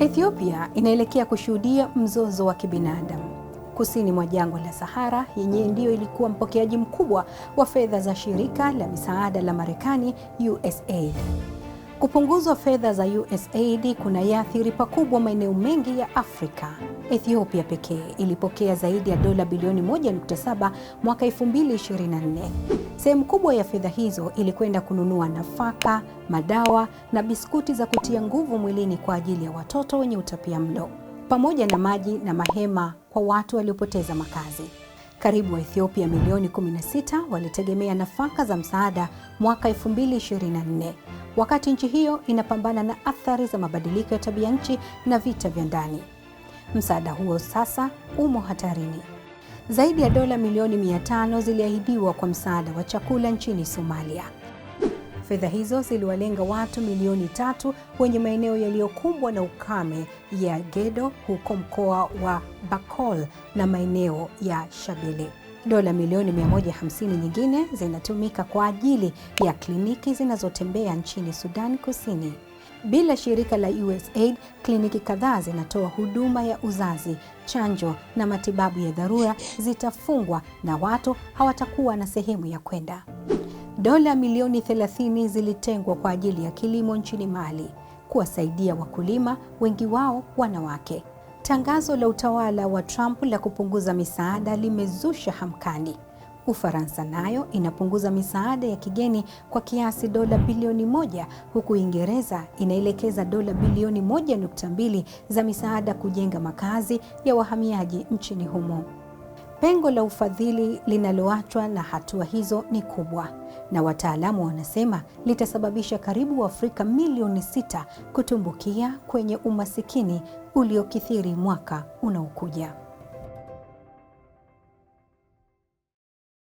Ethiopia inaelekea kushuhudia mzozo wa kibinadamu kusini mwa jangwa la Sahara yenyewe ndiyo ilikuwa mpokeaji mkubwa wa fedha za shirika la misaada la Marekani USAID. Kupunguzwa fedha za USAID kuna yaathiri pakubwa maeneo mengi ya Afrika. Ethiopia pekee ilipokea zaidi ya dola bilioni 1.7 mwaka 2024. Sehemu kubwa ya fedha hizo ilikwenda kununua nafaka, madawa na biskuti za kutia nguvu mwilini kwa ajili ya watoto wenye utapia mlo pamoja na maji na mahema kwa watu waliopoteza makazi. Karibu wa ethiopia milioni 16 walitegemea nafaka za msaada mwaka 2024 wakati nchi hiyo inapambana na athari za mabadiliko ya tabia nchi na vita vya ndani. Msaada huo sasa umo hatarini. Zaidi ya dola milioni mia ziliahidiwa kwa msaada wa chakula nchini Somalia. Fedha hizo ziliwalenga watu milioni tatu wenye maeneo yaliyokumbwa na ukame ya Gedo huko mkoa wa Bakool na maeneo ya Shabele dola milioni 150 nyingine zinatumika kwa ajili ya kliniki zinazotembea nchini Sudan Kusini. Bila shirika la USAID, kliniki kadhaa zinatoa huduma ya uzazi, chanjo na matibabu ya dharura zitafungwa na watu hawatakuwa na sehemu ya kwenda. Dola milioni 30 zilitengwa kwa ajili ya kilimo nchini Mali kuwasaidia wakulima, wengi wao wanawake. Tangazo la utawala wa Trump la kupunguza misaada limezusha hamkani. Ufaransa nayo inapunguza misaada ya kigeni kwa kiasi dola bilioni moja huku Uingereza inaelekeza dola bilioni moja nukta mbili za misaada kujenga makazi ya wahamiaji nchini humo. Pengo la ufadhili linaloachwa na hatua hizo ni kubwa, na wataalamu wanasema litasababisha karibu Waafrika milioni sita kutumbukia kwenye umasikini uliokithiri mwaka unaokuja.